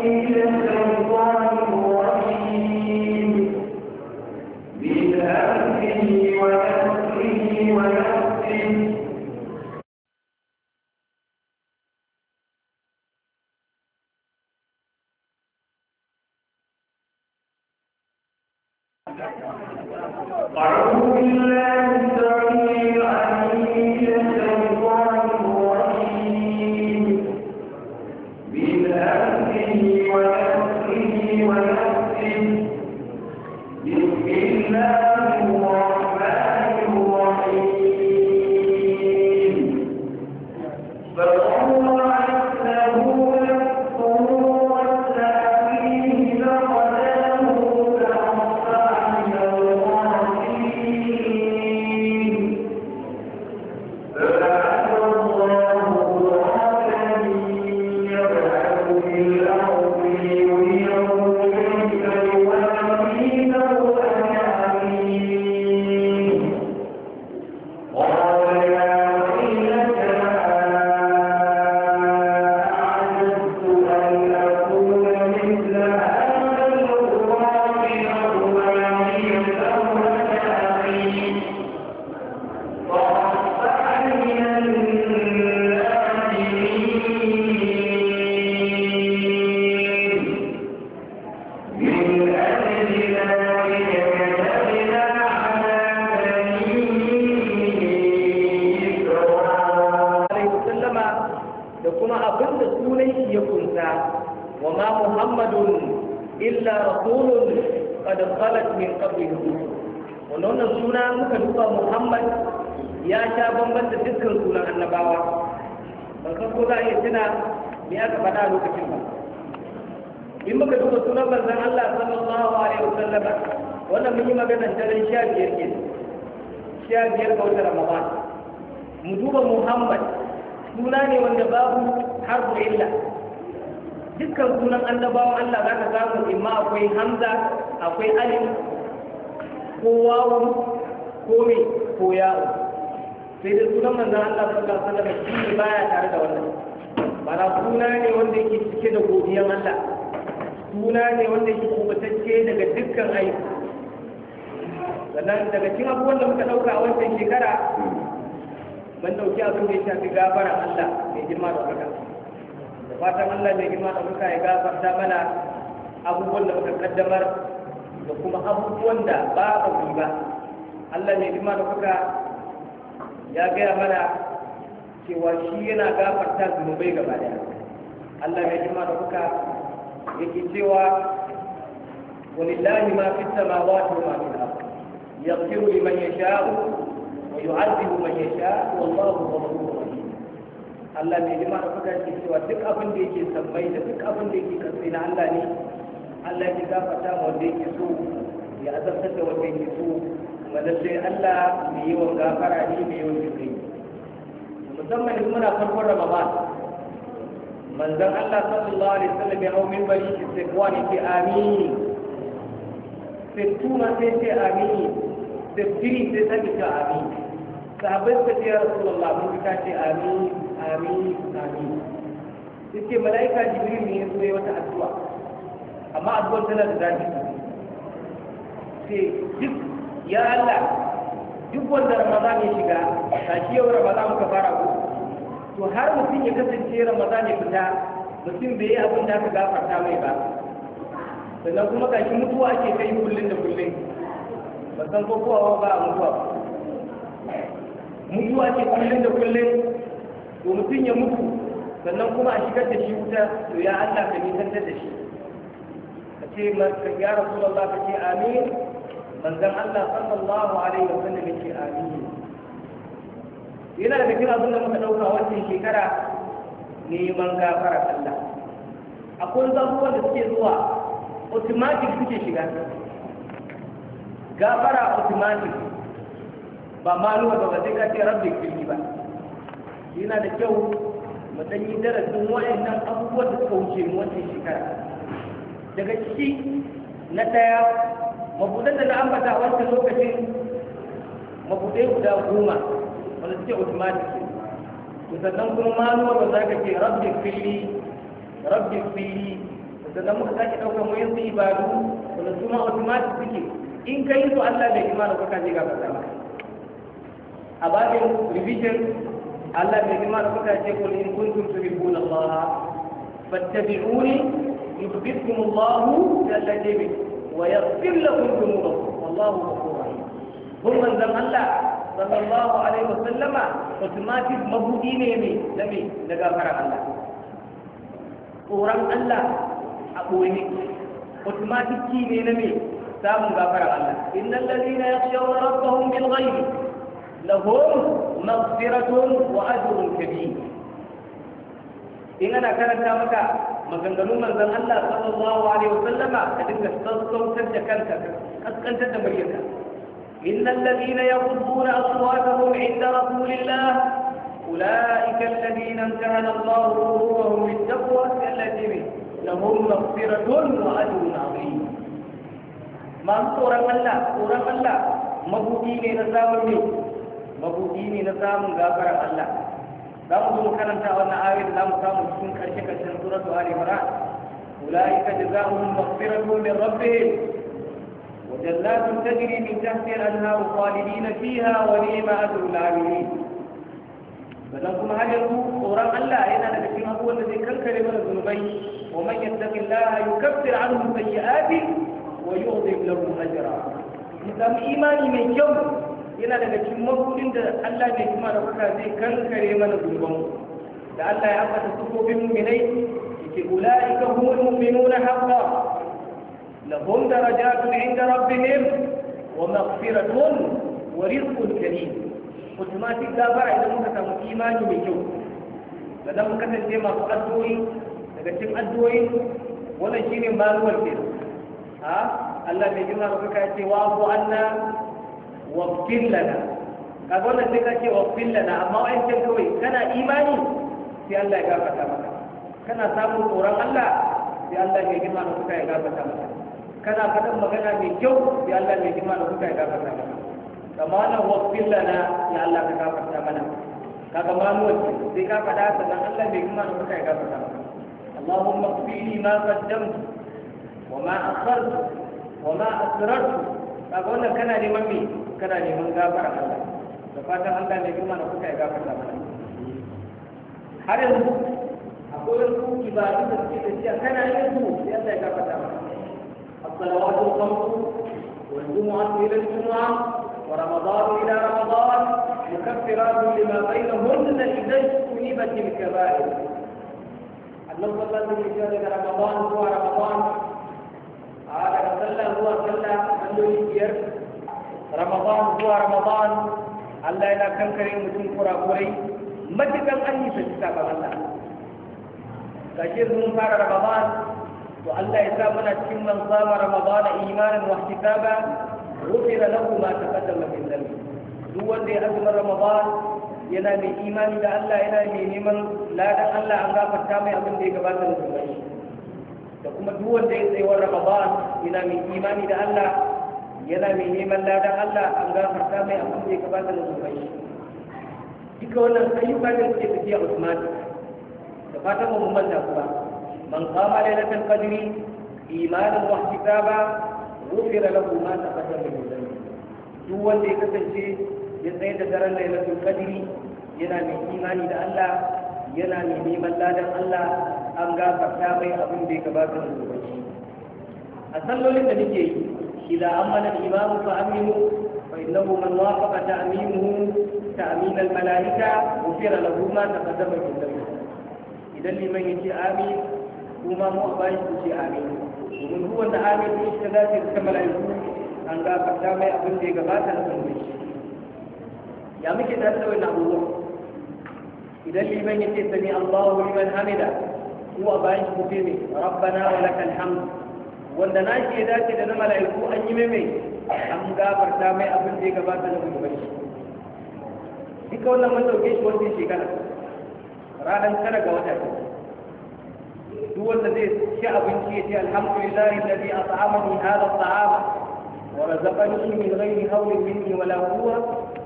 وَنَفْسِهِ وَنَفْسِهِ kuma abin da sunan shi ya kunsa wa ma muhammadun illa rasulun qad khalat min qablihi wannan suna muka duba muhammad ya sha bamban da dukkan sunan annabawa ban san ko za a iya tuna me aka faɗa lokacin ba in muka duba sunan manzon Allah sallallahu alaihi wasallam wannan mun yi magana ta ran sha biyar ke sha biyar ga wata ramadan mu duba muhammad suna ne wanda babu harfu illa dukkan sunan annabawan Allah za ka samu imma akwai hamza akwai alif ko wawu ko me ko yawo sai da sunan manzon Allah sallallahu alaihi wasallam shi ne baya tare da wannan bara suna ne wanda yake cike da godiyar Allah suna ne wanda yake kubutacce daga dukkan aiki sannan daga cikin abubuwan da muka dauka a wancan shekara ban dauki abin da ya shafi gafara Allah mai girma da wuka da fatan Allah mai girma da wuka ya gafarta mana abubuwan da muka kaddamar da kuma abubuwan da ba a yi ba Allah mai girma da wuka ya gaya mana cewa shi yana gafarta zunubai gaba daya Allah mai girma da wuka yake cewa wani ولله ما في السماوات وما ya الأرض يغفر لمن يشاء ويعذب من يشاء والله غفور رحيم Allah mai jima da kuka ke cewa duk abin da yake sabbai da duk abin da yake kasai na Allah ne Allah ya gafarta ma wanda yake so ya azabtar da wanda yake so kuma lallai Allah mai yawan gafara ne mai yawan jikai musamman in muna farkon Ramadan manzon Allah sallallahu alaihi wasallam ya hau minbari shi sai kowa ne ke amin sai tuma sai ce amin sai tiri sai sani ka amin sahabbai suka ce ya rasulullah mun ka ce amin amin amin suke mala'ika jibril ne ya zo ya wata addu'a amma addu'ar tana da zafi sai duk ya Allah duk wanda ramadan ya shiga ta shi yau ramadan muka fara ko to har mutum ya kasance ramadan ya fita mutum bai yi abin da aka gafarta mai ba sannan kuma kashi mutuwa ake kai kullum da kullum ba san ko kowa ba a mutuwa ba mutuwa ce kullum da kullum to mutum ya mutu sannan kuma a shigar da shi wuta to ya Allah ka nisantar da shi ka ce ya rasu Allah ka ce amin manzan Allah sallallahu alaihi wa sallam ya ce amin yana da kira abin da muka ɗauka wannan shekara neman gafara Allah akwai zabuwan da suke zuwa automatic suke shiga gafara automatic ba maluwa da wajen ka ce rabbi kirki ba yana da kyau mu dan yi darasin wa'annan abubuwan da suka wuce mu wannan shekara daga ciki na daya mabudan da na ambata wancan lokacin mabudai guda goma wanda suke automatic sannan kuma maluwa ba za ka ce rabbi fili rabbi fili sannan muka sake ɗaukar mu yanzu ibadu wanda su ma automatic suke in ka yi su Allah bai imanu ka kaje ga ba za a babin revision Allah mai girma suka ce kul in kuntum tuhibbuna Allah fattabi'uni yuhibbukum Allah jalla jalaluhu wa yaghfir lakum dhunubakum wallahu ghafurur rahim kun manzon Allah sallallahu alaihi wasallama automatic mabudi ne mai dame da gafarar Allah tsoron Allah a ɓoye automatic ki ne na mai samun gafarar Allah innal ladina yakhshawna rabbahum bil ghaibi لهم مغفرة وأجر كبير إننا ما كان كامكا مغندلو من ذن الله صلى الله عليه وسلم أدنك استغطوا تجكنك أسكن تدمريك إن الذين يغضون أصواتهم عند رسول الله أولئك الذين امتهن الله وهم بالتقوى كالذين لهم مغفرة وأجر عظيم ما أنت أورا ملا أورا ملا مبوكي من mabuɗi ne na samun gafarar Allah za mu zo mu karanta wannan ayat da za mu samu cikin karshe karshen suratul ali imran ulaika jazaohum maghfiratu min rabbihim wa jannatun tajri min tahti al-anharu khalidin fiha wa ni'ma ajru al-amilin sannan kuma har ku tsoron Allah yana daga cikin abubuwan da zai kankare mana zunubai wa man yattaqillaha yukaffir anhu sayyi'ati wa yu'dhib lahu ajra mu imani mai kyau yana daga cikin mabudin da Allah mai kuma da kuka zai kankare mana zunuban da Allah ya ambata sufofin mu'minai yake ulaika humul mu'minuna haqqan lahum darajatun 'inda rabbihim wa maghfiratun wa rizqun karim automatic ba idan muka samu imani mai kyau da dan muka tace masu addu'o'i daga cikin addu'o'i wannan shine maruwar ke ha Allah mai girma da kuka ce wa abu anna waghfir lana ga wannan sai ka ce waghfir lana amma wa'in can kawai kana imani sai Allah ya gafata maka kana samun tsoron Allah sai Allah mai girma da kuka ya gafata maka kana faɗin magana mai kyau sai Allah mai girma da kuka ya gafata maka kama wannan waghfir lana ya Allah ka gafata mana kaga mamuwa sai ka faɗa sannan Allah mai girma da kuka ya gafata maka اللهم اغفر لي ما قدمت وما أخرت وما أسررت أقول لك أنا لمن kana neman gafara Allah da fatan Allah ne kuma na kuka ya gafarta mana har yanzu akwai wasu ibadu da suke da cewa kana yin su sai Allah ya gafara mana as-salawatu al-khamsu wal jumu'atu ila al-jumu'ah wa ramadanu ila ramadan mukaffiratu lima مكفرات لما بينهن إذا اجتنبت الكبائر اللهم صل على سيدنا رمضان هو رمضان على صلى sallallahu alaihi wa sallam ramadan zuwa ramadan Allah yana kankare mutum kurakurai matukan an yi su sabon Allah kashe mun fara ramadan to Allah ya sa muna cikin man sama ramadan imanin wa ihtisaba غفر له ما تقدم من ذنبه duk wanda ya azumar ramadan yana mai imani da Allah yana mai neman ladan Allah an gafarta mai abin da ya gabata da zunubai da kuma duk wanda ya tsayawar ramadan yana mai imani da Allah yana mai neman ladan Allah an gafarta mai abin da ya gabata na zubai shi duka wannan ayyuka da suke tafiya Usman da fatan mu mun manta kuma man qama lailatul qadri imanan wa ihtisaba ghufira lahu ma fata mai dhanbi duk wanda ya kasance ya tsaye da daren lailatul kadiri, yana mai imani da Allah yana mai neman ladan Allah an gafarta mai abin da ya gabata na zubai a sallolin da nake yi إذا أمن الإمام فأمنوا فإنه من وافق تأمينه تأمين الملائكة غفر له ما تقدم من ذنبه إذا لمن يجي آمين وما مو أبايش يجي آمين ومن هو أن آمين يشتغل كملائكة an gafarta mai abin da ya gabata na zunubi ya muke da tsawai na abubuwa idan liman ya ce sami allahu liman hamida ko a bayan shi kufe ne wanda na shi ya dace da na mala'iku an yi mai an gafarta mai abin da ya gabata da kuma shi duka wannan mun dauke shi wannan shekara ranar tara ga wata ce duk wanda zai ci abinci ya ce alhamdulillah alladhi at'amani hadha at'ama wa razaqani min ghairi hawlin minni wala quwwa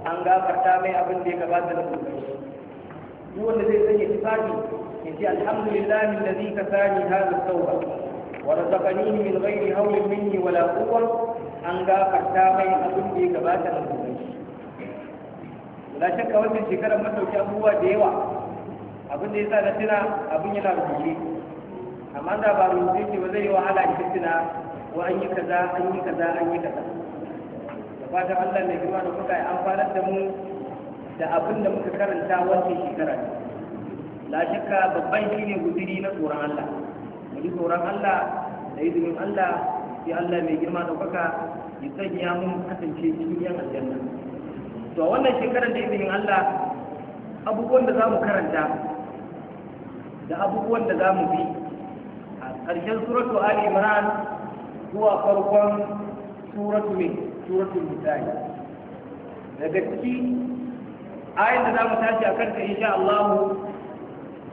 an gafarta mai abin da ya gabata da kuma shi duk wanda zai sanya tufafi ya ce alhamdulillah alladhi kasani hadha thawba ورزقنيه من غير هول مني ولا قوة an gafarta mai abin da ya gabata na gobe la shakka wannan shekarar masauki abubuwa da yawa abin da ya sa tuna abin yana rubuce amma da ba rubuce ce ba zai yi wahala in tuna ko an yi kaza an yi kaza an yi kaza da fatan Allah mai girma kuka yi amfanar da mu da abin da muka karanta wannan shekarar la shakka babban shine guduri na tsoron Allah da yi tsoron Allah da izinin Allah sai Allah mai girma da ɗaukaka ya sanya mun kasance cikin yan aljanna to a wannan shekarar da izinin Allah abubuwan da za mu karanta da abubuwan da za mu bi a ƙarshen suratu Ali Imran zuwa farkon suratu ne suratu misali daga ciki ayin da za mu tashi a karta insha Allah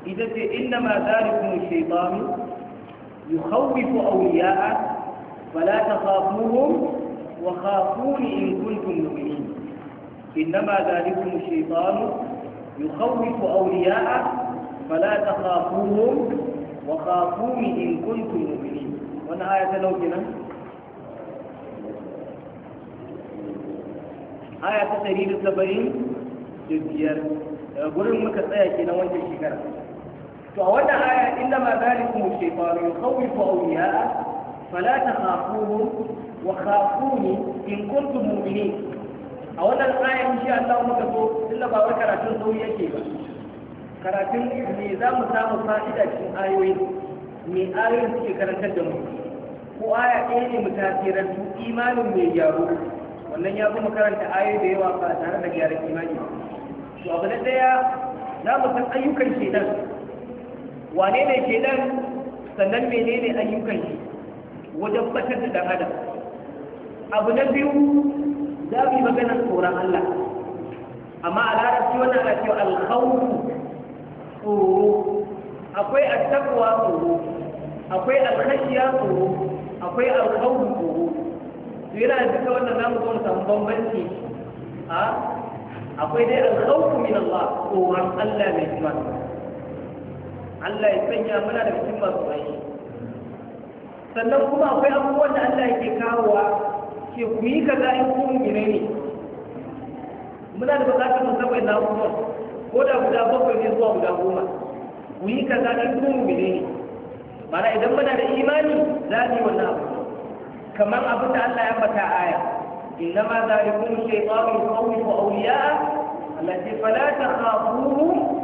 ita ce inna ma zalikum shaytanu يخوف أولياءه فلا تخافوهم وخافوني إن كنتم مؤمنين إنما ذلكم الشيطان يخوف أولياءه فلا تخافوهم وخافوني إن كنتم مؤمنين وأنا آية نوكنا آية تسريد السبعين جزيار قلنا مكسايا كنا وانت الشكرة to wannan aya inda ma zalikum shaytanu yukhawifu awliya'a fala takhafuhu wa khafuni in kuntum mu'minin a wannan aya insha Allah muka so illa ba wai karatun sauri yake ba karatun ne za mu samu fa'ida cikin ayoyi me ayoyin suke karantar da mu ko aya ɗaya ne mu su imanin mai gyaro wannan ya kuma karanta ayoyi da yawa ba tare da gyaran imani ba. to abu na ɗaya za mu san ayyukan shaitan wane ne ke nan sannan menene ayyukan shi wajen batar da dan adam abu na biyu za mu yi maganar tsoron Allah amma a larabci wannan ana cewa alkhawfu tsoro akwai attaqwa tsoro akwai alkhashiya tsoro akwai alkhawfu tsoro to yana da duka wannan zamu zo mu samu bambanci a ah, akwai dai alkhawfu min Allah tsoron Allah mai zuwa. Allah ya sanya muna da cikin masu bashi sannan kuma akwai abubuwan da Allah yake kawowa ke ku yi kaza in kun gine ne muna da bukatar mu saboda na kuma ko da guda bakwai ne zuwa guda goma ku yi kaza in kun gine ne mana idan muna da imani za mu yi wannan abu kamar abin da Allah ya fata aya ma إنما ذلكم الشيطان يخوف أولياءه التي ta تخافوهم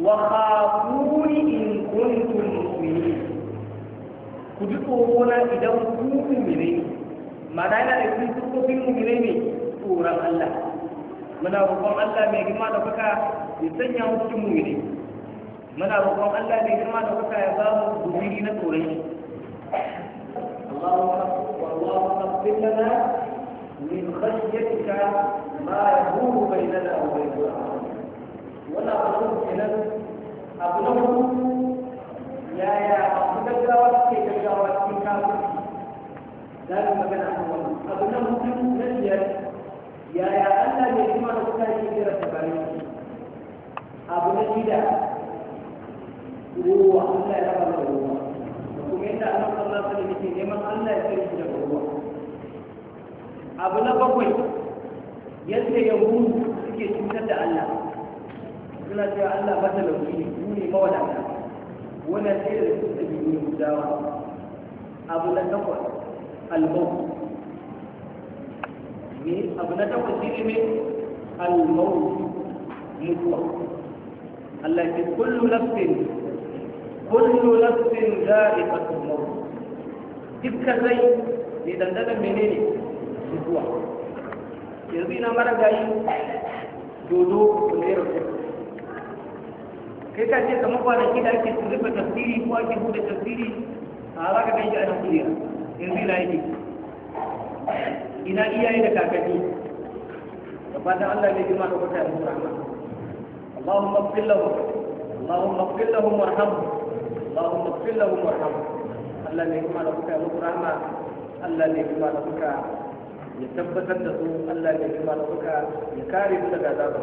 وخافوني إن كنتم مؤمنين كجتونا إذا كنتم مؤمنين ما دعنا لكم تكون مؤمنين سورة الله muna roƙon Allah mai girma da kuka ya sanya mu cikin mu'mini muna roƙon Allah mai girma da kuka ya ba mu guduri na tsoron shi Allahu akbar lana min khashyatika ma yahulu bainana wa bainal wannan abu nan, abu na hudu yaya masu gaggawa suke gaggawa cikin kafirci za su magana a wannan abu na hudu na biyar yaya Allah ne kuma da kuka yi kira da bayan abu na shida ruwa Allah ya raba da ruwa kuma yadda Allah sallallahu alaihi wasallam yake neman Allah ya tsare shi daga ruwa abu na bakwai yadda yahudu suke cutar da Allah suna cewa Allah matalauci ne ku ne mawadata wannan sai da su da biyu gudawa abu na takwas almau ne abu na takwas shi ne almau mutuwa Allah ce kullu nafsin kullu nafsin za'iqatul maut dukkan rai ne dandanan menene mutuwa yanzu ina mara gayi dodo da yaron kai ka ce kamar ba da ake rufe tafsiri ko ake buɗe tafsiri a za ka ganshi a nan kuriya yanzu ina yake ina iyaye da kakaki da fatan Allah ne jima da kwata ya mutu rahama Allahumma ighfir lahum Allahumma ighfir lahum warhamhum Allahumma Allah ne jima da kwata ya mutu rahama Allah ne jima da kwata ya tabbatar da su Allah ne jima da kwata ya kare su daga zaɓa.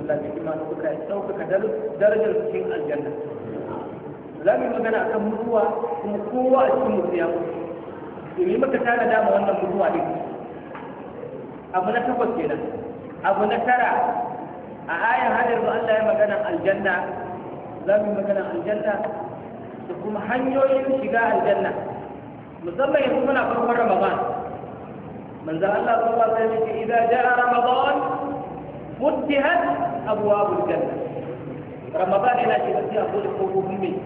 Allah ka kima da kuka ɗaukaka darajar cikin aljanna za mu yi magana a kan mutuwa kuma kowa a cikin mutu ya mutu domin maka tana dama wannan mutuwa ne abu na takwas kenan abu na tara a ayan hadar da Allah ya magana aljanna za mu yi magana aljanna da kuma hanyoyin shiga aljanna musamman yanzu muna farkon ramadan manzo Allah sun ba sallallahu alaihi wasallam idan ja'a ramadan mutihat أبواب الجنة رمضان إلى شبكة أقول قوم من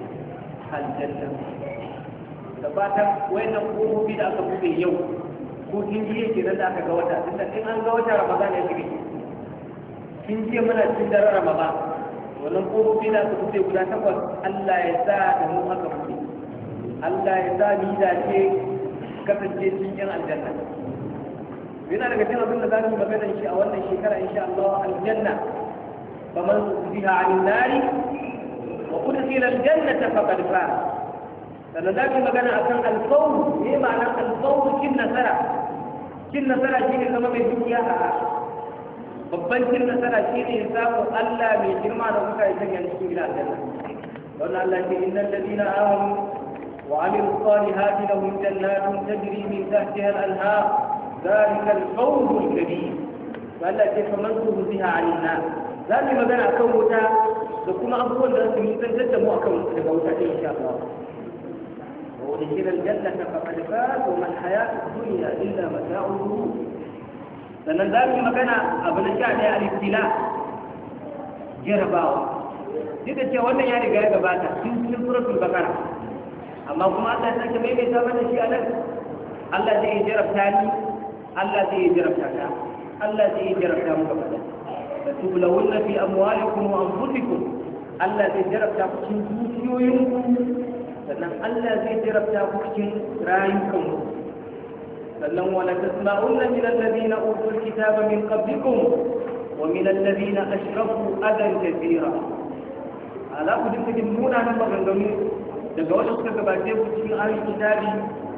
الجنة تباتا وين قوم من أقوم يوم kudin biye ke nan da aka ga wata tunda an ga wata ramadan ya shige kin muna ramadan wannan kofofi da aka bude guda takwas Allah ya sa da mu Allah ya sa ni da kasance aljanna yana daga cikin abin da za mu magana shi a wannan shekara insha Allah aljanna فمن أخذها عن النار وأدخل الجنة فقد فاز sannan za ka magana a kan alfawun ne ma'ana alfawun cin nasara cin nasara shi ne zama mai dukiya a babban cin nasara shi ne samu Allah mai girma da kuka yi sanya cikin gida aljanna wannan Allah ke innal ladina amanu wa amilu salihati lahum jannatun tajri min tahtiha al-anhar dhalika al-fawz al-kabir Allah ke faman zuhziha 'anil nar za mu yi magana kan wuta da kuma abubuwan da su nisantar da mu akan daga wuta ɗin insha Allah وأدخل الجنة فقد ko وما الحياة duniya inda mata الغرور sannan za mu magana abu na sha ɗaya alistila jarabawa duk da cewa wannan ya riga ya gabata tun cikin suratul bakara amma kuma Allah ya sake maimaita mana shi a nan Allah zai jarabta ni Allah zai jarabta ka Allah zai jarabta mu gaba تبلون في أموالكم وأنفسكم Allah zai jarabta ku cikin dukiyoyinku sannan Allah zai jarabta ku cikin rayukanku sannan wala tasma'unna min alladhina utul kitaba min qablikum wa min alladhina ashraku adan kathira ala ku dinka jin munanan maganganu daga wasu suka gabace ku cikin ahlul kitabi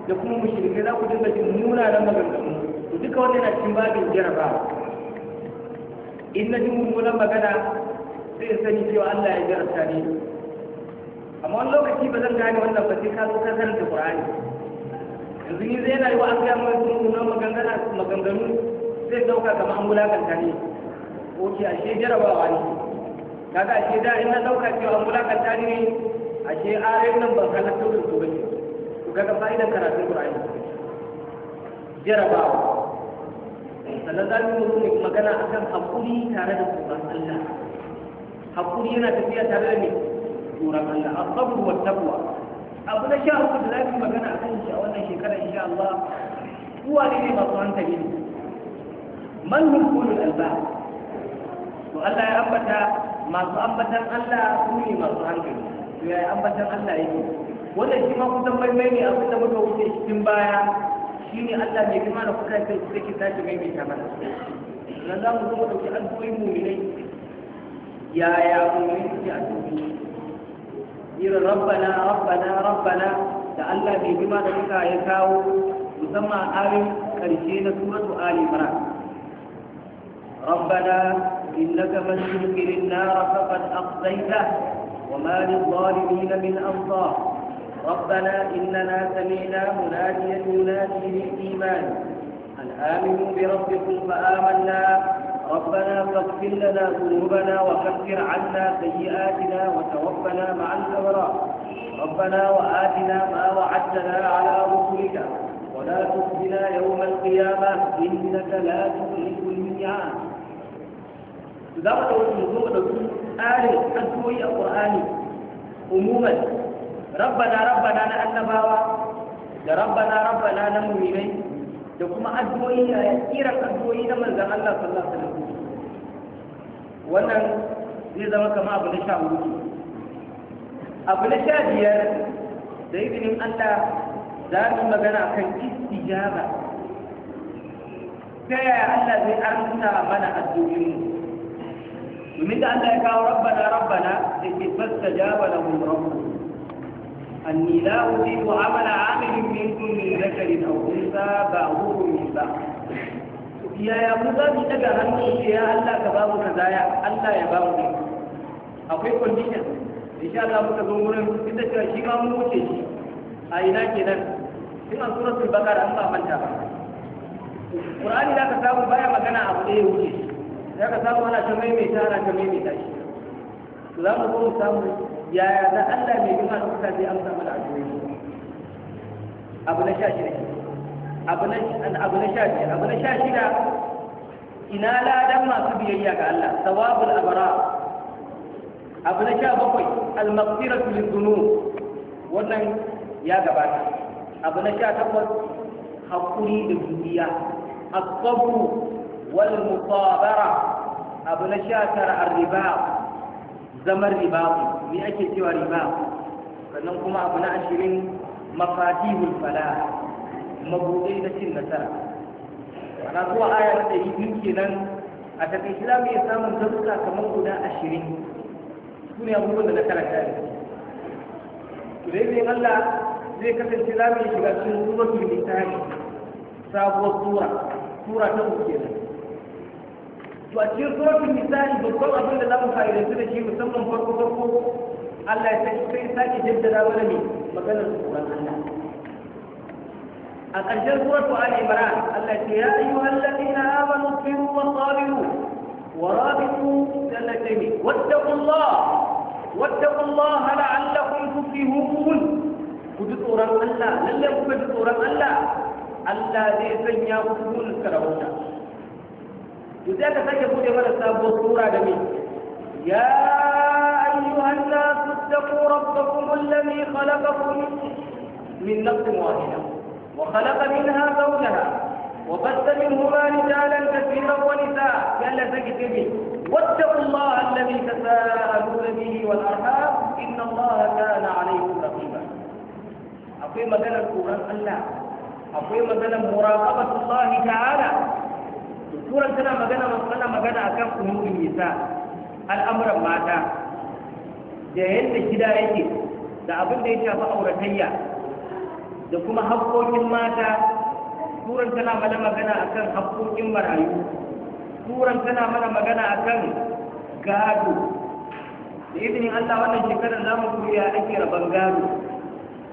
da kuma mushrikai za ku dinka jin maganganu in na ji mummunan magana zai sani cewa Allah ya jarabta ne amma wani lokaci ba zan gane wannan ba sai ka zo ka karanta Qur'ani yanzu ni zai na yi wa aka mai mummunan maganganu maganganu zai dauka kamar an wulakanta ne ki ashe jarabawa ne kaga ashe da in na dauka cewa an wulakanta ne ashe arayin nan ban halatta da su ga ka fa'idan karatun Qur'ani jarabawa sannan za mu yi magana a kan haƙuri tare da tsoron Allah haƙuri yana tafiya tare da ne tsoron Allah asabu wa taqwa abu na sha uku da za mu magana a kan shi a wannan shekarar insha Allah uwa ne ne masu hankali ne man hum ulul albab to Allah ya ambata masu ambatan Allah su ne masu hankali to ya ambatan Allah yake wannan shi ma kusan maimai ne abinda da muka wuce cikin baya shine Allah mai girma da kuka sai ce take tashi mai mai mana nan za mu zo da ki mu ne ya ya mu ne ki addu'o'i irin rabbana rabbana rabbana da Allah mai girma da kuka ya kawo musamman ayoyin karshe na suratu Ali Imran ربنا إنك من تدخل النار فقد أقضيته وما للظالمين من أنصار ربنا إننا سمعنا مناديا ينادي للإيمان أن آمنوا بربكم فآمنا ربنا فاغفر لنا ذنوبنا وكفر عنا سيئاتنا وتوفنا مع الأبرار ربنا وآتنا ما وعدتنا على رسلك ولا تخزنا يوم القيامة إنك لا تخلف الميعاد ذكر الموضوع ده آية أدوية قرآنية عموما rabbana rabbana na annabawa da rabbana rabbana na mu'minai da kuma addu'o'i da kiran addu'o'i na manzan Allah sallallahu alaihi wasallam wannan zai zama kama abu na sha hudu abu na sha biyar da izinin Allah za mu magana kan istijaba ta yaya Allah zai arzuta mana addu'o'i domin da Allah ya kawo rabbana rabbana da ke fasta jaba na mun أني لا أضيف عمل عامل منكم من ذكر أو أنثى بعضهم من بعض yaya mu za mu daga hannu ce Allah ka ba mu kazaya Allah ya ba mu akwai condition insha Allah muka zo wurin inda cewa shi ma wuce shi a ina kenan in an suratul baqara an ba manta ba Qur'ani da ka samu baya magana abu da ya wuce za ka samu ana ta maimaita ana ta maimaita shi za mu zo mu samu yaya da Allah mai girma da kuka zai amsa mana addu'o'i abu na sha shida abu na abu na sha shida abu na sha shida ina ladan masu biyayya ga Allah sawabul abara abu na sha bakwai al-maghfiratu lidhunub wannan ya gabata abu na sha takwas hakuri da dubiya as-sabr wal musabara abu na sha tara ar-riba zamar riba mai ake cewa riba sannan kuma abu na ashirin mafatihul hulfala mabuɗe na cin nasara ana zuwa aya na ɗari biyu kenan a tafi islamu ya samun darussa kamar guda ashirin su ne abubuwan da na karanta ne to dai zai Allah zai kasance za mu shiga cikin ta nisa'i sabuwar tura tura ta uku kenan to a cikin suratul nisa'i babban abin da za mu fa'idantu da shi musamman farko farko Allah ya saki sai sake jaddada mana ne maganar tsoron Allah a ƙarshen suratul Ali Imran Allah ce ya ayyuhal ladina amanu sabiru wa sabiru wa rabitu jannatayn wattaqullah wattaqullah la'allakum tuflihun ku ji tsoron Allah lalle ku ji tsoron Allah Allah zai sanya ku cikin karauta to sai aka sake buɗe mana sabuwar sura da me ya ayyuhan nasu taqu rabbakum alladhi khalaqakum min nafsin wahida wa khalaqa minha zawjaha وبث منهما رجالا كثيرا ونساء يلا سكتبي واتقوا الله الذي تساءلون به والارحام ان الله كان عليكم رقيبا اقيم مدن القران الله اقيم لنا مراقبه الله تعالى Turan tana magana tana magana kan umurun nisa al'amuran mata da yadda gida yake da abin da ya shafi auratayya da kuma haƙoƙin mata Turan tana mana magana a kan haƙoƙin marayu Turan tana mana magana a kan gado da izinin Allah wannan shekarar za mu koya ake rabon gado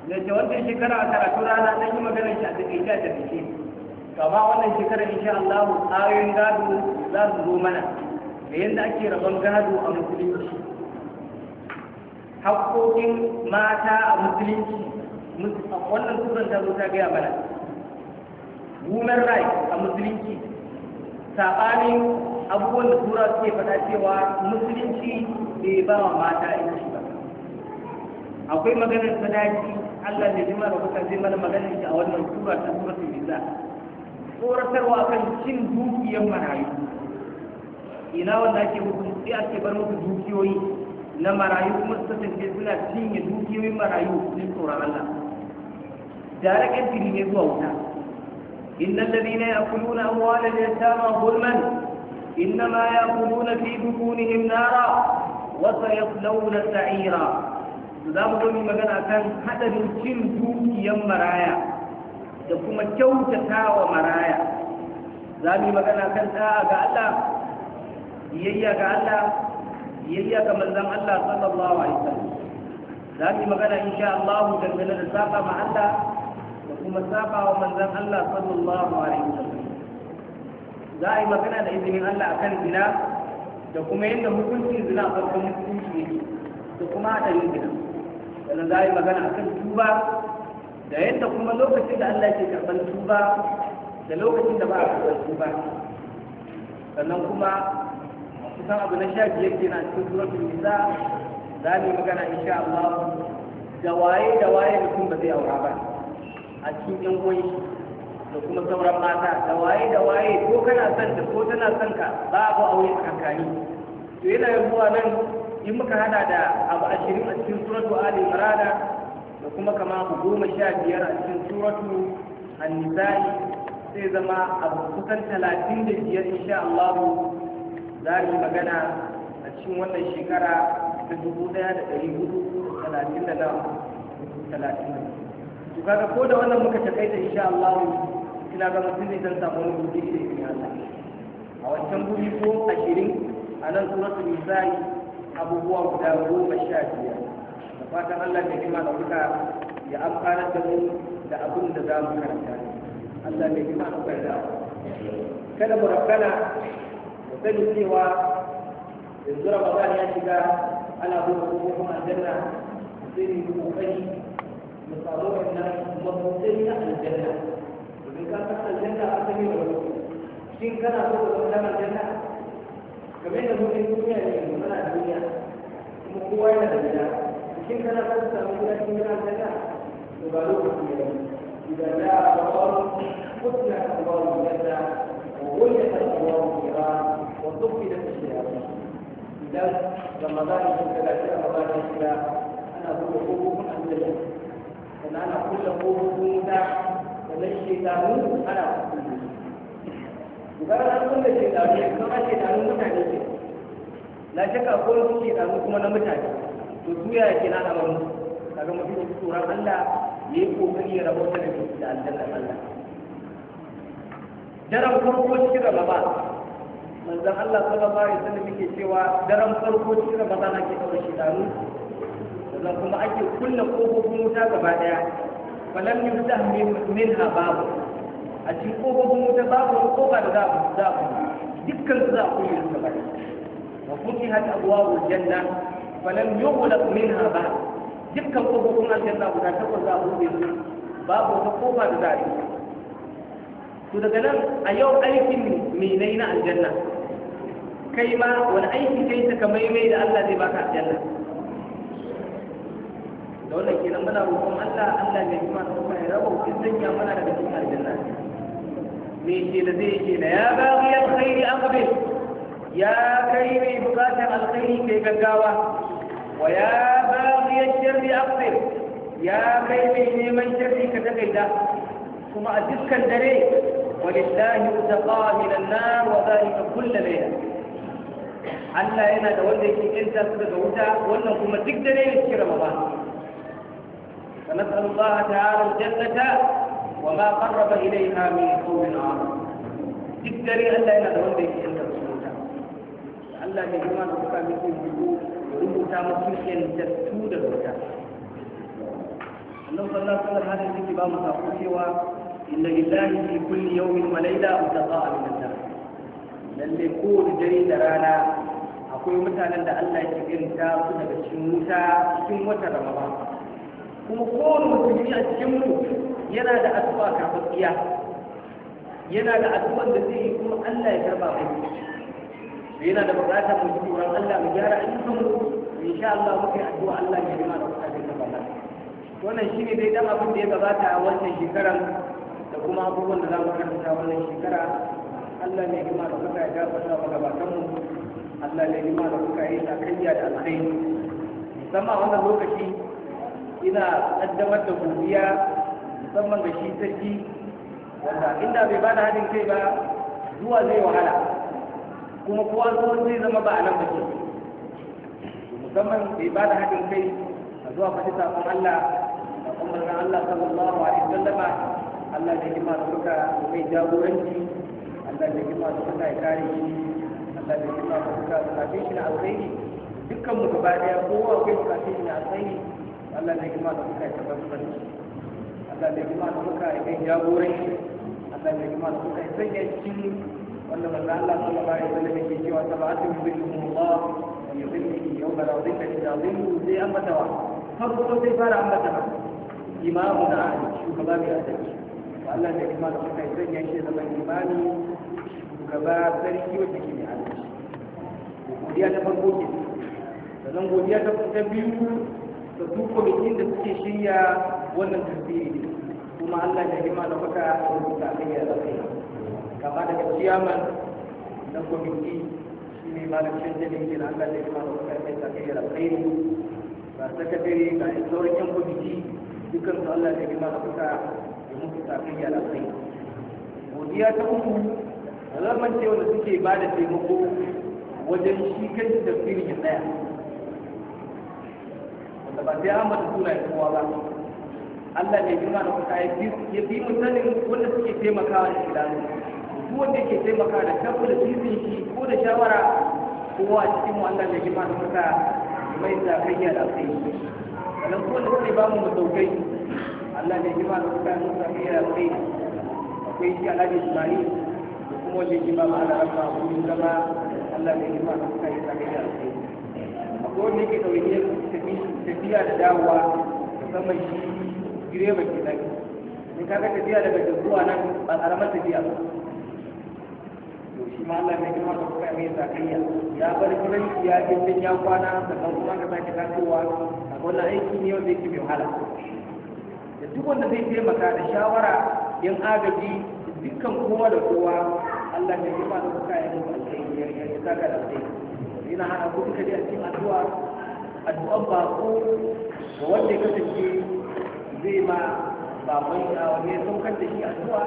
da ta wannan shekara a karatu rana ɗan yi magana shi a shi a taƙaice kama wannan shekarar insha Allah tsarin gado za su zo mana da yadda ake rabon gado a musulunci haƙoƙin mata a musulunci wannan turan ta zo ta gaya mana women rights a musulunci saɓanin abubuwan da tura suke faɗa cewa musulunci bai ba wa mata yanci ba akwai maganar sadaki Allah ne jima da kusa zai mana maganar shi a wannan tura ta yi nisa tsoratarwa kan cin dukiyar marayu ina wanda ake hukunci ake bar musu dukiyoyi na marayu kuma su kasance suna cinye dukiyoyin marayu din tsoron Allah tare kan fili ne zuwa wuta innal ladina yakuluna amwalal yatama ya innama yakuluna fi bukunihim nara wa sayaslawna sa'ira za mu zo magana kan hadarin cin dukiyar maraya da kuma kyautata wa maraya za mu yi magana kan da'a ga Allah biyayya ga Allah biyayya ga manzon Allah sallallahu alaihi wasallam za mu yi magana insha Allah dangane da saba ma Allah da kuma saba wa manzon Allah sallallahu alaihi wasallam za a yi magana da izinin Allah akan zina da kuma yadda hukuncin zina a farkon hukunci yake da kuma hadarin zina sannan za a yi magana akan tuba da yadda kuma lokacin da Allah ke karɓar tuba da lokacin da ba a karɓar tuba sannan kuma kusan abu na sha biyar ke na cikin suratul nisa za mu yi magana insha Allah da waye da waye mutum ba zai aura ba a cikin yan uwan da kuma sauran mata da waye da waye ko kana son ta ko tana son ka ba ba aure tsakankani to yana yin zuwa nan in muka hada da abu ashirin a cikin suratul ali imrana da kuma kama ku goma sha biyar a cikin suratu annisa'i sai zama a kusan talatin da biyar insha Allah za mu magana a cikin wannan shekara ta dubu ɗaya da ɗari hudu talatin da nawa talatin da to kaga ko da wannan muka takaita insha Allah ina ga mutum zai san samu wani gudu da ya Allah a wancan guri ko ashirin a nan suratu nisa'i abubuwa guda goma sha biyar fatan Allah ya kima da kuka ya amfana da mu da abin da za mu karanta Allah ya kima da kuka da kada mu rakana mu sani cewa yanzu Ramadan ya shiga ana buɗe kofofin aljanna sai mu kokari mu samu wannan mabuɗin na aljanna domin ka san aljanna a sani da wani shin kana so ka zama aljanna kamar da mutum duniya ne mana duniya kuma kowa yana da gida mungkin karena aku bisa mengira kira saja kembali ke dia tidak ada awal putnya awal jadah mengulia awal kira untuk tidak tidak tidak ramadhan itu tidak ada awal kira anak buku buku pun ada dan anak punya buku punya dan lagi tahu anak buku buku bukan pun lagi tahu kita masih tahu mana lagi lagi kalau pun kita kita mana mana to tuya yake na da wani kaga mutum ya tsoron Allah ya yi kokari ya rabauta da shi da aljannar Allah daren farko cikin Ramadan manzon Allah sallallahu alaihi wasallam yake cewa daren farko cikin Ramadan ake daura shidanu sannan kuma ake kulle kofofin wuta gaba daya falam yusah minha babu a cikin kofofin wuta babu ko kofa da za a dukkan su za a kulle su gaba daya wa kuti hada abuwa janna فلم يغلق منها باب جبك القبور من الجنة ولا تقل لا أقول لك باب وفقوها بذلك تدقنا أيوم أيك مينينا الجنة كيما والأيك كيس كميمي لألا دي باكا الجنة دولة كي لما لا أقول ألا ألا نجمع نقوم هيرابو كذن يامنا لبسيما الجنة ميشي لذيشي يا باغي الخير أقبل يا كريم بقاتل الخير كي كاكاوه ويا باقي الشر أقدر يا بيبي من شر كتب الله ثم أدسك الدليل ولله أتقى من النار وذلك كل ليلة حلا هنا تولي في إنسا تدعوتا وأنه ثم تقدرين إلى الشر رمضان فنسأل الله تعالى الجنة وما قرب إليها من قوم آخر تقدرين إلى أن تولي في إنسا تدعوتا الله يجمعنا بكامل في الجنود rubuta musu yantattu daga wuta annabi sallallahu alaihi wasallam ciki ba mu sako cewa inna lillahi fi kulli yawmin wa layla mutaqa min an-nar lalle ko dare da rana akwai mutanen da Allah ya kirta su daga cikin wuta cikin wata ramadan kuma ko musulmi a cikin mu yana da addu'a kafin iya yana da addu'ar da zai yi kuma Allah ya karba mai yana da bukatar mu ji wurin Allah mu gyara ayyukan mu insha Allah muke addu'a Allah ya rima da kuɗaɗen da bala wannan shine dai dan abin da ya gabata a wannan shekarar da kuma abubuwan da za mu karanta wannan shekara Allah ne rima da kuka da gafarta ga gabatan mu Allah ne rima da kuka yi kanya da alkhairi musamman wannan lokaci ina kaddamar da godiya musamman ga shi sarki wanda inda bai bada hadin kai ba zuwa zai wahala kuma kowa zuwa zai zama ba a nan ba ke musamman bai ba da haɗin kai a zuwa faɗi saƙon Allah saƙon manzon Allah sallallahu alaihi wasallama Allah da hikima da suka mai jagoranci Allah da hikima da suka yi kare shi Allah da hikima da suka bukace shi na alkhairi dukkan mu gaba daya kowa akwai bukace shi na alkhairi Allah da hikima da suka yi tabbatar da shi Allah da hikima da suka yi jagoranci Allah da hikima da suka ya sanya cikin wanda manzo Allah sallallahu alaihi wasallam yake cewa sab'atun billah ya zilli yawma la dhilla illa dhillu sai an mata wa farko sai fara an mata imamu da ahli shugaba mai adalci Allah da kuma da kai zan yanke zaman imani shugaba sarki wanda ke mai adalci godiya ta farko ke sannan godiya ta ta biyu da duk kwamitin da suke shirya wannan tasiri kuma Allah da kuma da kuka rubuta kai ya zama kama daga ciyaman na kwamiti shi ne ba da ne ke da allah da ya fara wakar mai Ba alkhairi ga sakatare ga sauran yan kwamiti dukkan su allah da ya fara wakar da muku da alkhairi godiya ta uku ramance wanda suke ba da taimako wajen shi kan shi tafsirin ya tsaya wanda ba sai an mata suna ya kowa ba Allah ne ma da kuka ya fi mutanen wanda suke taimakawa da shi lalata duk wanda yake taimaka da kanku da titin shi ko da shawara kowa a cikin wannan da jima da kuka mai da kayya da kai nan ko da kai ba mu mutaukai Allah da jima da kuka mai da kayya da kai akwai shi Alhaji Ismail da kuma wanda yake ba mu Allah rabba ku zama Allah da jima da kuka yi da kayya da kai akwai wanda yake dauke tafiya da dawowa musamman shi direba kenan in ka ga tafiya daga zuwa nan ba a ramar tafiya ba shi ma Allah mai girma ka kuka mai zakayya ya bar gidan ya gindin ya kwana da kan kuma ka sake tasowa a wannan aiki ne wanda yake mai wahala da duk wanda zai taimaka da shawara yan agaji dukkan kowa da kowa Allah mai girma da kuka ya mutu alkhairi ya saka da alkhairi ina hana ku duka dai a cikin addu'a addu'an bako ga wanda ya kasance zai ma baban ya wani saukar da shi addu'a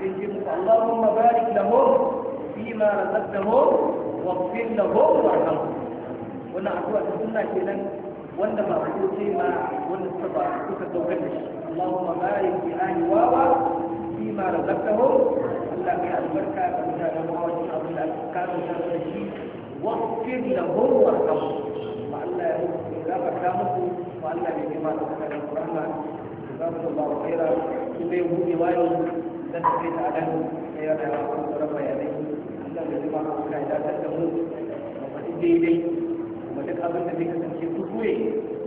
sai ce muku Allahumma barik lahum فيما رزقتهم واغفر لهم وارحمهم wannan addu'a ta sunna kenan wanda ba ku ce ma wanda suka ba suka daukar da shi Allahumma barik bi ahli wawa fi ma razaqtahum Allah ka albarka ga mutanen wawa shi abin da ka rubuta da shi waqfir lahum warhamhum ma Allah ya gafarta musu ma Allah ya yi masa da Qur'ana jazakumullahu khairan ku bai hudewa yau dan sai da adan ya da rabba ya dai suna da zuba ko suna idatar da mu mu faɗi daidai kuma duk abin da zai kasance kuskure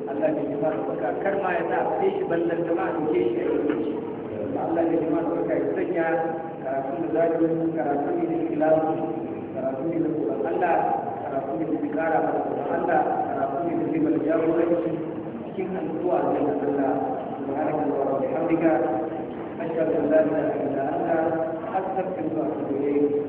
Allah ya jima da baka kar ma ya sa a sai shi ballan da ma a duke shi a yi ba Allah ya jima da baka ya sanya karatun da zalimin karatun ne da ikilasu karatun ne da tsoron Allah karatun ne da zai kara mana tsoron Allah karatun ne da zai mana jagoranci cikin hantuwa da Allah subhanahu wa bihamdika أشهد أن لا إله إلا أنت أستغفرك وأتوب إليك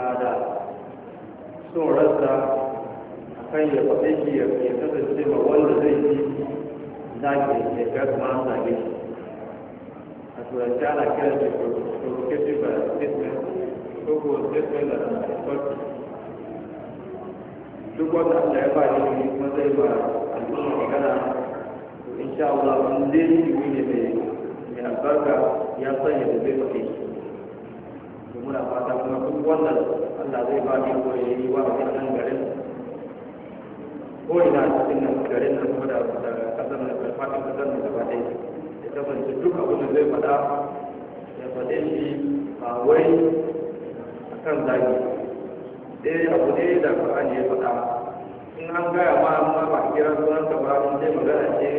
da son rasa a kan ya faɗe shi ya kasance ma wanda zai ji zage ya gama zage shi a turanci ana kiran shi provocative statement ko ko statement da sauki duk wanda Allah ya ba shi ne kuma zai ba al'umma magana to insha Allah wani zai yi ne mai albarka ya sanya da zai faɗe shi muna fata kuma duk wannan Allah zai ba ni ko yayi wa wannan garin ko ina cikin nan garin nan kuma da kasar nan da fatan kasar ba dai da ya kasance duk abin da zai faɗa ya faɗe shi ba wai akan zagi dai abu dai da Qur'an ya fada in an gaya ma amma ba kira sunan ka ba mun dai magana ce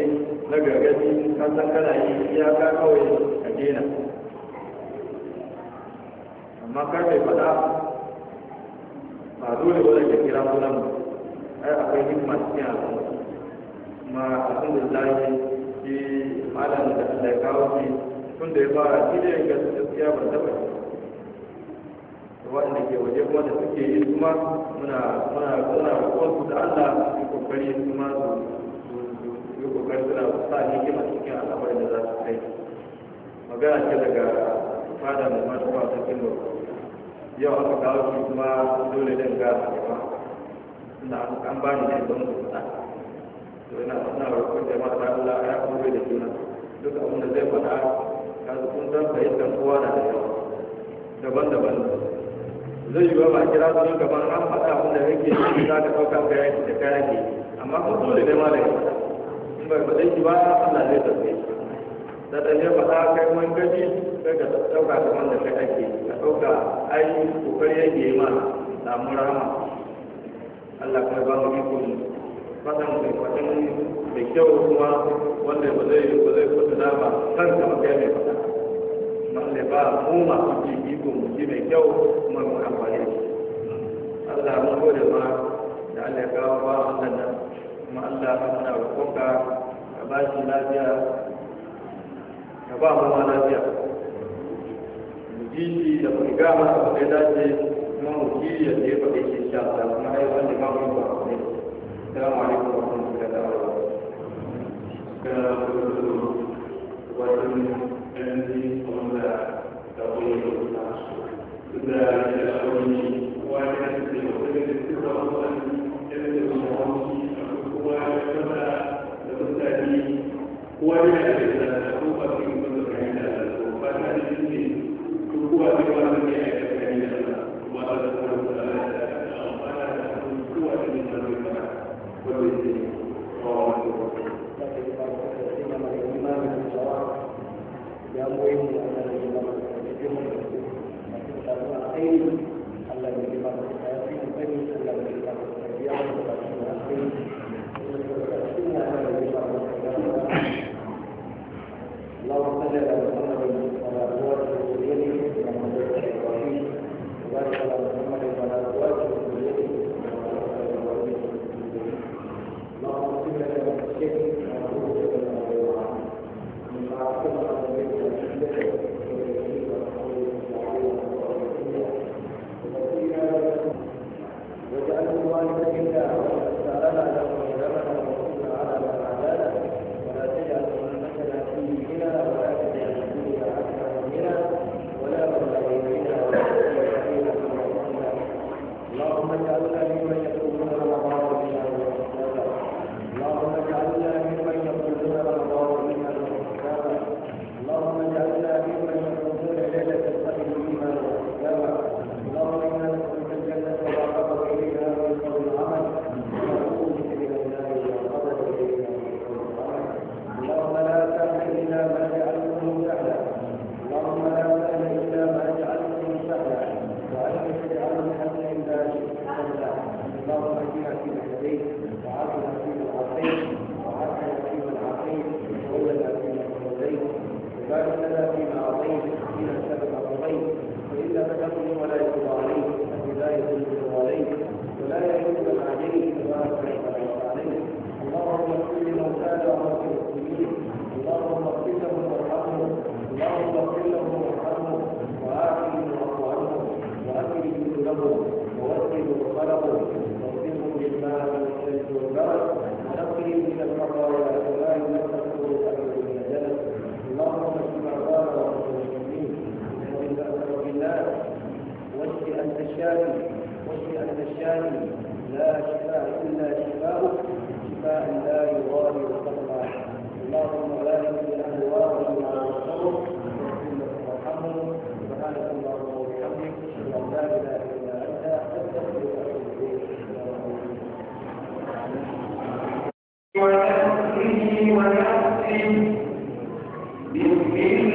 na gargadi kan san kana yi iyaka kawai ka dena amma karfe mai ba dole wani da kira sunan ai akwai hikima cikin al'umma kuma alhamdulillah shi malam da Allah ya kawo shi tun da ya fara shi ne ga gaskiya ban taɓa waɗanda ke waje kuma da suke yi kuma muna muna muna su da Allah su kokari kuma su su kokari suna sa hikima cikin al'amarin da za su kai magana ce daga fada mu ma ta fata cikin yau aka kawo shi kuma dole dan ga ba ina an ba ni dan don kuɗa to ina ina roƙon jama'a da Allah ya kuma da juna duk abin da zai faɗa ka su kun san fahimtar kowa na da yawa daban-daban zai yi ba kira su nan gaban an faɗa abin da yake yi za ka ɗauka ka yaki da kayaki amma kun dole ne ma da yawa in bai faɗa shi ba Allah zai tafiye shi da za a kai mun gaji sai ka ɗauka ta wanda kai ake ka ɗauka ai kokari yake yi mana samu rama Allah kai ba mu iko mai kwatin mai kyau kuma wanda ba zai yi ba zai kusa da ba kan ka kai mai fata wanda ba mu masu ji iko mu ji mai kyau kuma mu amfani da Allah mu gode ma da Allah ya kawo ba wannan kuma Allah ya kawo ka ba shi lafiya ka ba mu lafiya mu ji shi da mu ga masa mu dace kuma mu ji ya je ba kai shi sha ta kuma ai wanda ba mu ba ne assalamu alaikum wa rahmatullahi wa barakatuh wajen yanzu wanda da wani yau da ya wani wajen da ya wani da suka wani yanzu da wani a kuma ya kasa da mutane wani da ya kuka fi mutu kayan da al'adu ba ta da shi ne kuka fi wani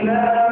إله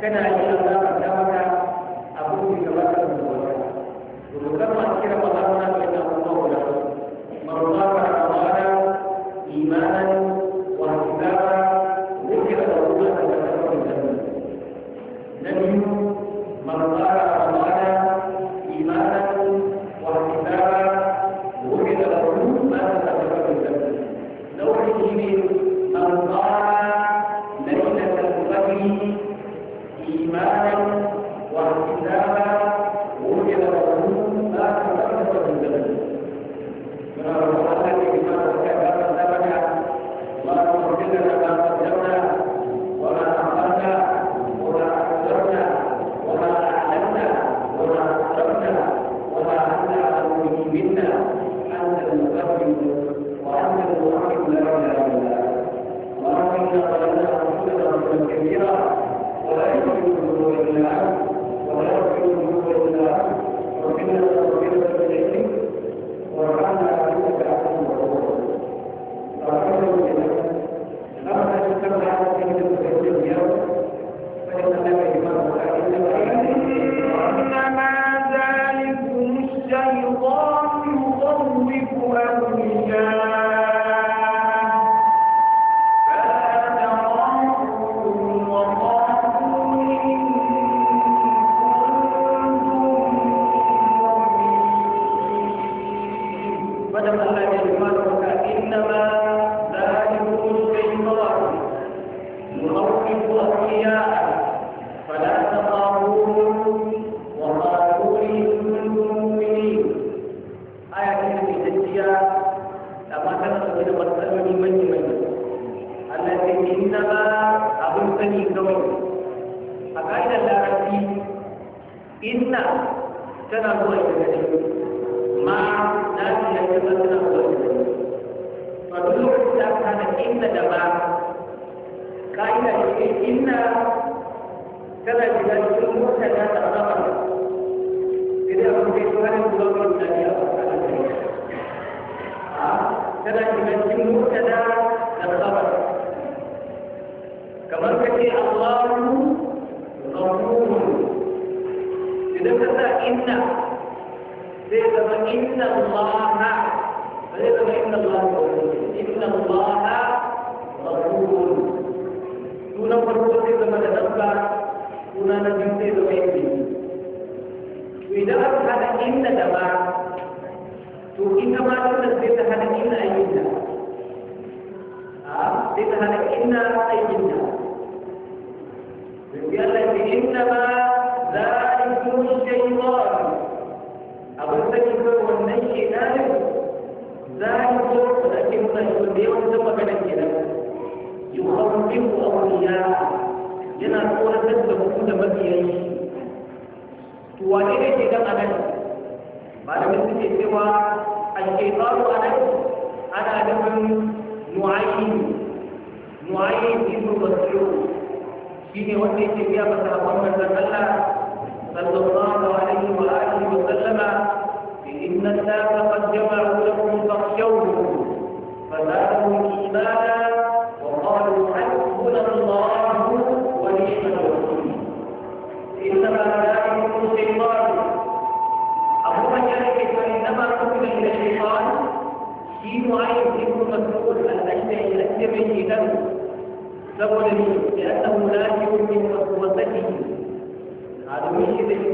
kana yi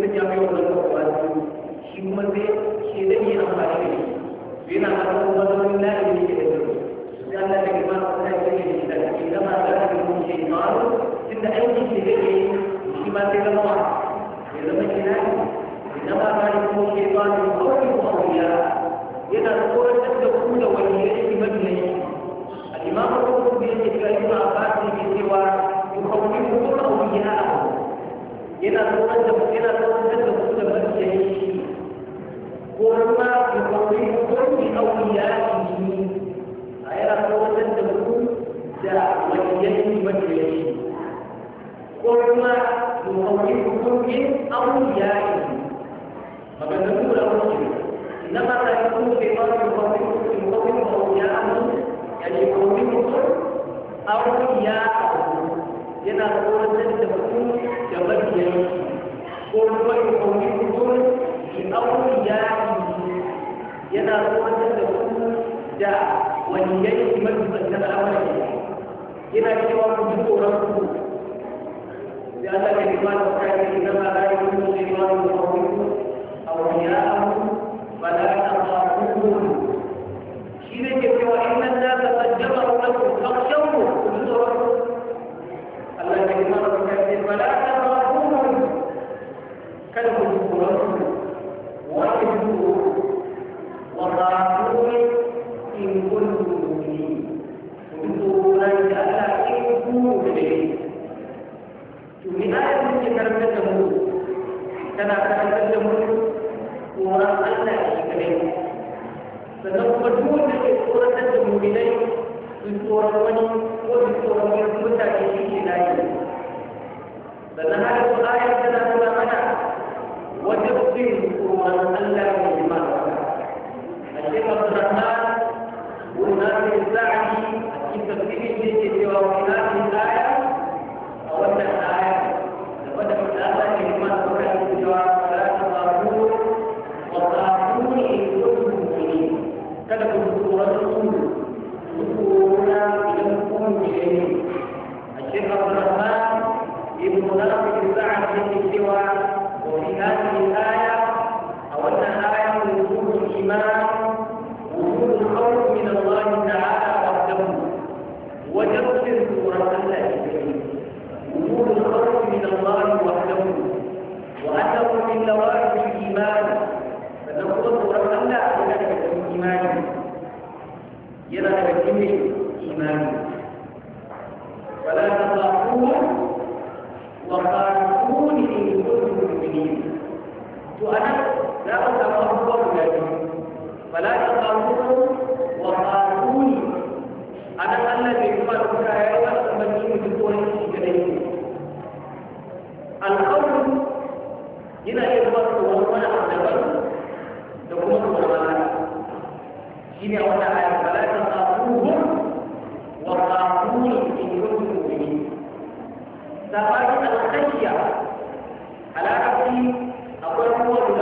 the Jamaica was human being labarin alkhayya a larabci akwai kuma